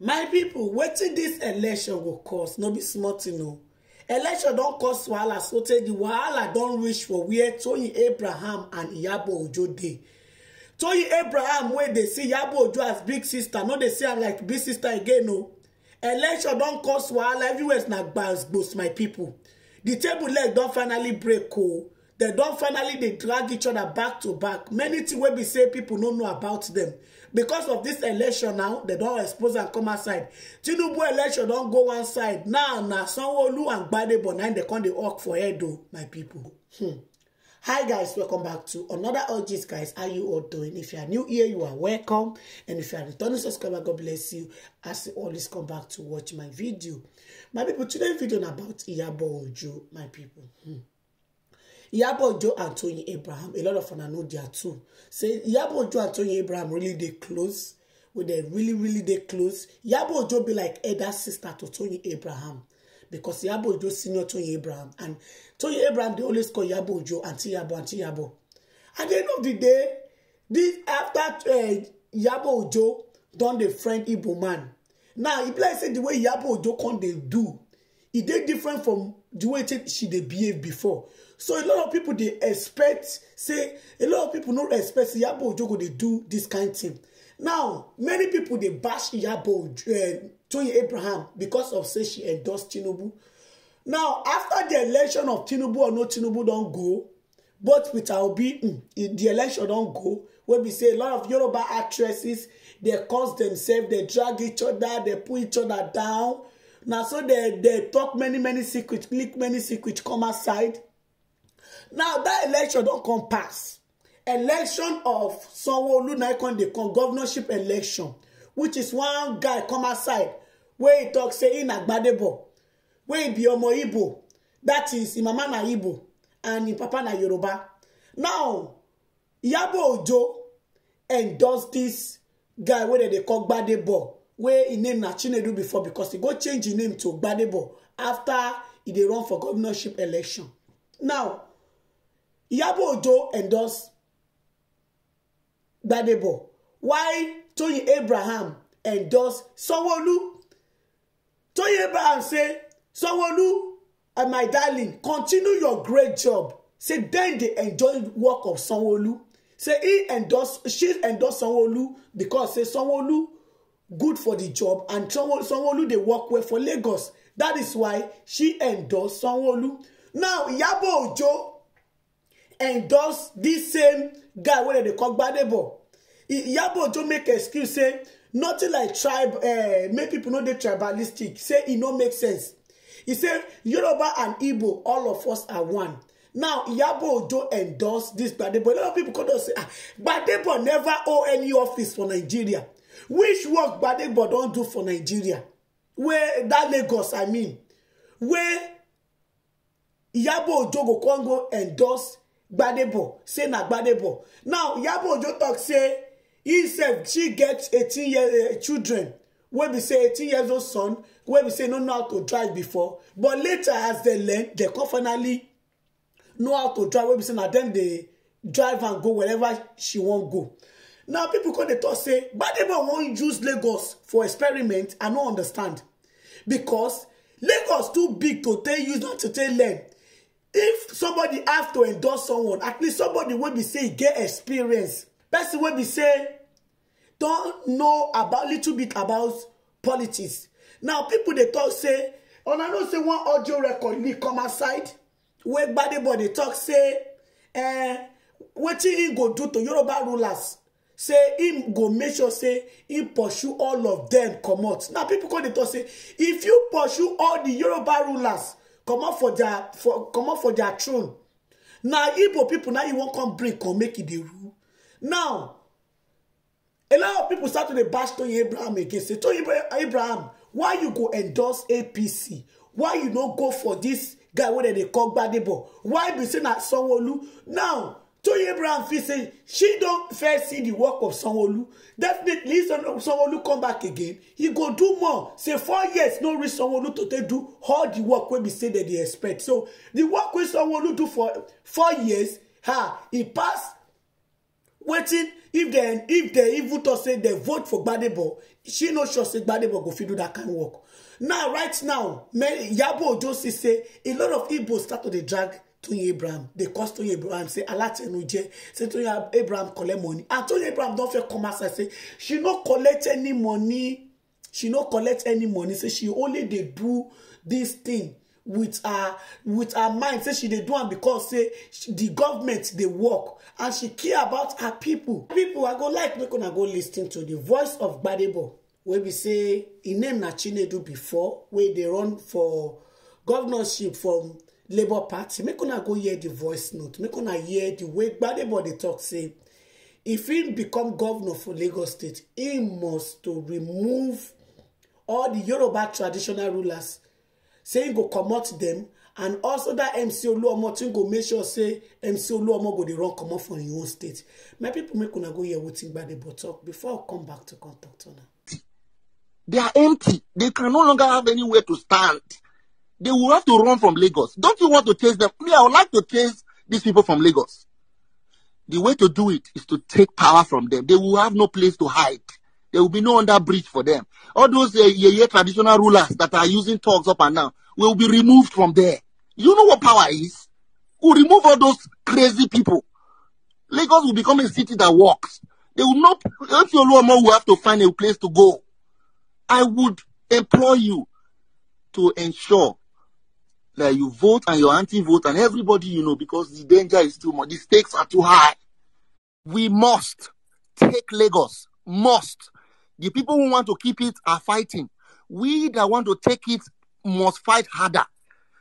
my people, wetin dis election go cause no be small tin o election don cause wahala so tey di wahala don reach for wia toyin abraham and iyabo ojo dey toyin abraham wey dey see iyabo ojo as big sister no dey see am like big sister again o election don cause wahala everywhere na gbas gbos my people. di table leg don finally break o oh. They don finally dey drag each other back to back many things wey be say people no know about them because of this election now they don expose am come outside tinubu election don go one side now na sanwo-olu and gbadebo na im dem come dey work for head o oh, my people. hmm hi guys welcome back to another urges guys how you all doing if you are new here you are welcome and if you are returning subscriber god bless you as you always come back to watch my video my people today video na about Iyabo Ojo my people hmm. Iyabo Ojo and Tony Abraham, a lot of una know their too. Say Iyabo Ojo and Tony Abraham really they close. With they really, really they close. Iyabo Ojo be like elder sister to Tony Abraham because Iyabo Ojo senior Toyin Abraham and Tony Abraham they always call Iyabo Ojo Aunty Iyabo Aunty Iyabo. At the end of the day, this after uh, Iyabo Ojo don dey friend Ibo man. Now e be like say the way Iyabo Ojo come dey do, e dey different from the way she dey behave before so a lot of people dey expect say a lot of people no expect say Iyabo Ojo go dey do this kind of thing now many people dey bash Yabo uh, eh, Toyin Abraham because of say she endorse Tinubu now after the election of Tinubu or no Tinubu don go both with Obi mm, the election don go wey be say a lot of Yoruba actresses dey cause themselves dey drag each other dey pull each other down na so dey dey talk many many secrets, leak many secrets come outside now that election don't come pass election of sanwo-olu na icon come governorship election which is one guy come aside where he talks say im na gbadebo wey e be omo igbo that is im mama na Ibo and im papa na yoruba now Yabo ojo endorse dis guy where they call gbadebo where im name na chinedu before because he go change his name to gbadebo after he dey run for governorship election now Ìyábọ̀ Òjó endorse Gbadebo while Tony Abraham endorse Sanwó-Olú Tony Abraham say Sanwó-Olú and uh, my darling continue your great job say then dey enjoy work of Sanwó-Olú say he endorse she endorse Sanwó-Olú because say Sanwó-Olú good for the job and Sanwó-Olú they work well for Lagos that is why she endorse Sanwó-Olú now Iyabo Ojo endorse this same guy wey dem dey call gbadebo Yabo ojo make excuse say nothing like tribe uh, make pipo no dey tribalistic say e no make sense e say yoruba and igbo all of us are one now Yabo ojo endorse this gbadebo a lot of people come don say ah gbadebo never hold any office for nigeria which work gbadebo don do for nigeria wey that lagos i mean wey Yabo ojo go come go endorse gbadebo say na gbadebo now yabo ojo talk say he sef she get 18 year eh, children wey be say 18 years old son wey be say no know how to drive before but later as dem learn dem come finally know how to drive wey be say na dem dey drive am go wherever she wan go now people come dey talk say gbadebo wan use lagos for experiment i no understand because lagos too big to take use not to take learn if somebody have to endorse someone at least somebody wey be say e get experience person wey be say don know about little bit about politics now people dey talk say una know say one audio record leak come outside wey Gbadebo dey talk say eh, wetin he go do to Yoruba rulers say him go make sure say he pursue all of them comot now people come dey talk say if you pursue all the Yoruba rulers comot for their for comot for their throne na igbo people na e wan come bring come make e dey rule now a lot of people start to dey bash tony abraham again say tony abraham why you go endorse apc why you no go for this guy wey dem dey call gbadebo why be say na sanwoolu now Toyin Abraham feel say she don't first see the work of sanwo Definitely, if sanwo come back again, he go do more. Say four years no reach sanwo to take do all the work wey we say that they expect. So the work wey sanwo do for four years, ha, he pass waiting. if dem if they even to say they vote for Gbadebo, she no sure say Gbadebo go fit do that kind of work. Now, right now, Iyabo Ojo see say a lot of Igbo start to dey drag Tony Abraham. They cost Tony Abraham, say Alatenuje, say Tony Abraham collect money. And Tony Abraham don't feel come as I say, she no collect any money. She no collect any money. Say she only dey do this thing with her with her mind. Say she dey do am because say the government dey work and she care about her people. People, I go like make una go listen to the voice of Gbadebo. wey be say im name na chinedu before wey dey run for governorship from labour party make una go hear the voice note make una hear the way gbadebo dey talk say if im become governor for lagos state im must to remove all di yoruba traditional rulers say im go comot dem and also dat mc oluomo tin go make sure say mc oluomo go dey run comot for im own state my pipo make una go hear wetin gbadebo talk before i come back to contact una. they are empty they can no longer have anywhere to stand. They will have to run from Lagos. Don't you want to chase them? Me, I would like to chase these people from Lagos. The way to do it is to take power from them. They will have no place to hide. There will be no under bridge for them. All those uh, yeah, yeah, traditional rulers that are using talks up and down will be removed from there. You know what power is? We'll remove all those crazy people. Lagos will become a city that works. They will not, if your more, will have to find a place to go. I would implore you to ensure that you vote and your anti vote and everybody you know because the danger is too much. The stakes are too high. We must take Lagos. Must. The people who want to keep it are fighting. We that want to take it must fight harder.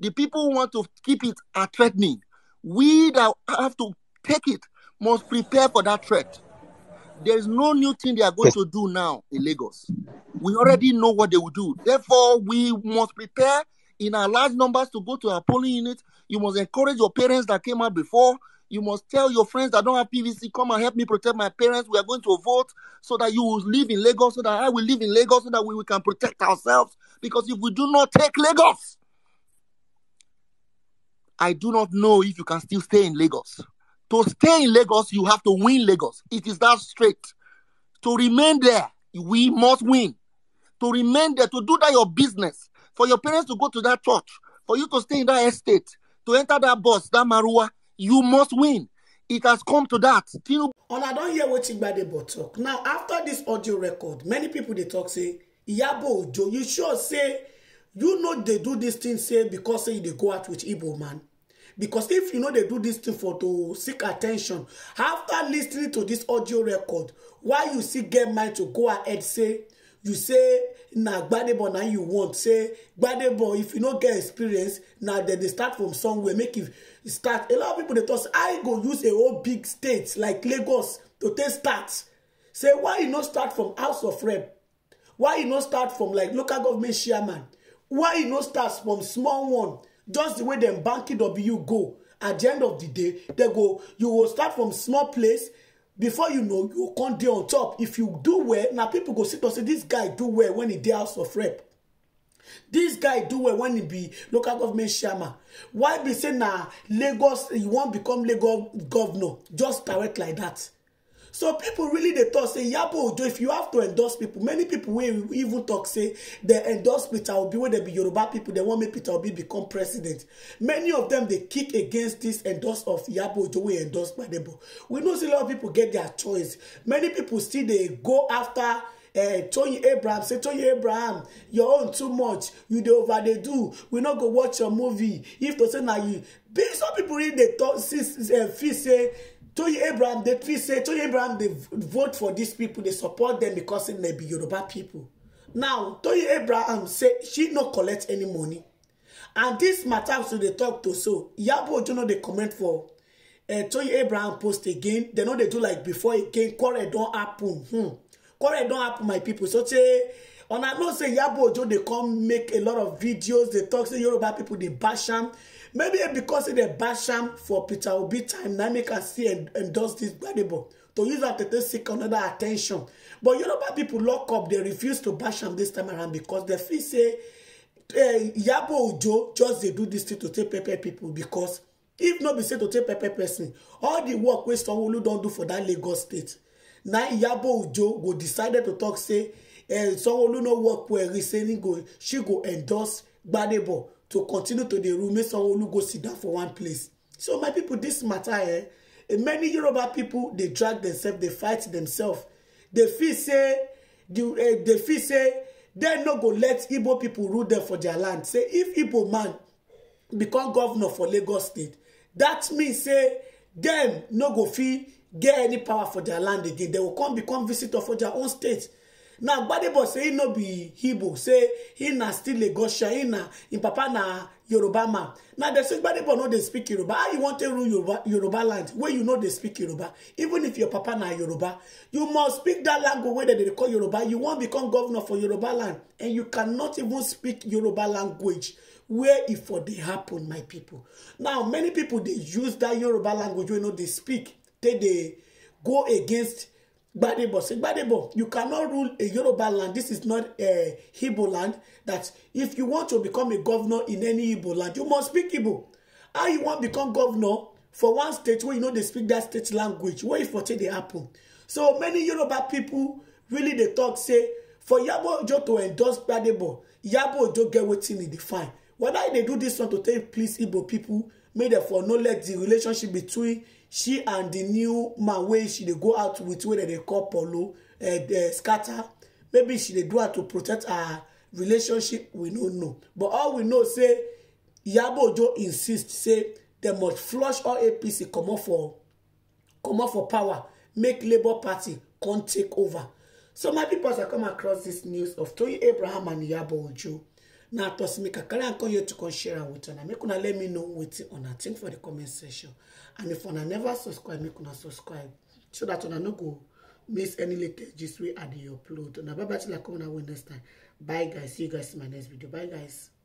The people who want to keep it are threatening. We that have to take it must prepare for that threat. There is no new thing they are going to do now in Lagos. We already know what they will do. Therefore, we must prepare in our large numbers to go to our polling unit. You must encourage your parents that came out before. You must tell your friends that don't have PVC, come and help me protect my parents. We are going to vote so that you will live in Lagos, so that I will live in Lagos, so that we, we can protect ourselves. Because if we do not take Lagos, I do not know if you can still stay in Lagos. To stay in Lagos, you have to win Lagos. It is that straight. To remain there, we must win. To remain there, to do that your business, for your parents to go to that church, for you to stay in that estate, to enter that bus, that Marua, you must win. It has come to that. Tinubu. And I don't hear what Chigbadebo talk. Now, after this audio record, many people they talk say, "Yabo Joe, you sure say, you know they do this thing say because say they go out with Igbo man. Because if you know they do this thing for to seek attention, after listening to this audio record, why you see get mind to go ahead say, you say na gbadebo na you want say gbadebo if you no get experience na dem dey start from somewhere make you start a lot of people dey talk say i go use a whole big state like lagos to take start say why you no start from house of rep why you no start from like local government chairman why you no start from small one just the way dem bank kw e go at the end of the day they go you go start from small place before you know you come dey on top if you do well na people go sit down say "This guy do well when he dey house of rep This guy do well when he be local government chairman why be say na lagos you wan become lagos governor just direct like that." so people really dey tok say yabo ojo if you have to endorse people, many people wey even talk say dem endorse peter obi wey dem be yoruba people. dem wan make peter obi become president many of dem dey kick against this endorse of yabo ojo wey endorse gbadebo we know say a lot of people get their choice many people still dey go after uh, eh, Tony Abraham say Tony Abraham your own too much you dey over dey do we no go watch your movie if to say na you some people really dey talk see uh, feel say Toyin Abraham they please say Toyin Abraham they vote for these people they support them because say they be Yoruba people now Toyin Abraham say she no collect any money and this matter so they talk to so Iyabo Ojo no they comment for uh, eh, Toyin Abraham post again They no they do like before again Call it don't happen hmm. it don't happen my people so say on I know say Iyabo Ojo dey come make a lot of videos They talk to Yoruba people They bash them maybe because say a basham for peter obi time na make am and endorse this gbadebo to use that to seek another attention. But you know, yoruba pipo lock up they refuse to basham this time around because dem feel say eh, yabo Ujo just they do this thing to take pepper people. because if not be said to take pepper person all the work waste wey who don't do for that lagos state Now yabo Ujo go decided to talk say eh, someone who no work well go she go endorse gbadebo to continue to dey rule make sanwo go sit down for one place so my people, this matter eh, eh many yoruba people dey drag themselves dey fight themselves dey feel say dey eh, feel say dem no go let igbo people rule them for their land say if igbo man become governor for lagos state that mean say dem no go fit get any power for their land again dem go come become visitor for their own state na gbadebo say he no be igbo say he na still lagosian He na him papa na yoruba man na dem say gbadebo no dey speak yoruba how you wan take rule yoruba land wey you no dey speak yoruba even if your papa na yoruba you must speak dat language wey dem dey call yoruba you wan become governor for yoruba land and you cannot even speak yoruba language where e for dey happen my people? now many people dey use dat yoruba language wey no dey speak take dey go against Gbadebo, say Gbadebo, you cannot rule a Yoruba land. This is not a Igbo land. That if you want to become a governor in any Igbo land, you must speak Igbo. How you want to become governor for one state where you know they speak that state language? Where for what they happen? So many Yoruba people really they talk say for Yabo Ojo to endorse Gbadebo, Yabo Ojo get wetin e dey find whether they do this one to take please igbo people make dem for no let the relationship between she and the new man wey she dey go out with wey dem dey call polo uh, eh, uh, eh, scatter maybe she dey do am to protect her relationship we no know but all we know say Yabojo Ojo insist say dem must flush all APC comot for comot for power make Labour Party come take over so my pipo as i come across dis news of Toyin Abraham and Yabojo na toss me kakari and come here to come share am with una make una let me know wetin una think for the comment section and if una never subscribe make una subscribe so that una no go miss any latest gist wey i dey upload una bye bye till i come una wey next time bye guys see you guys in my next video bye guys.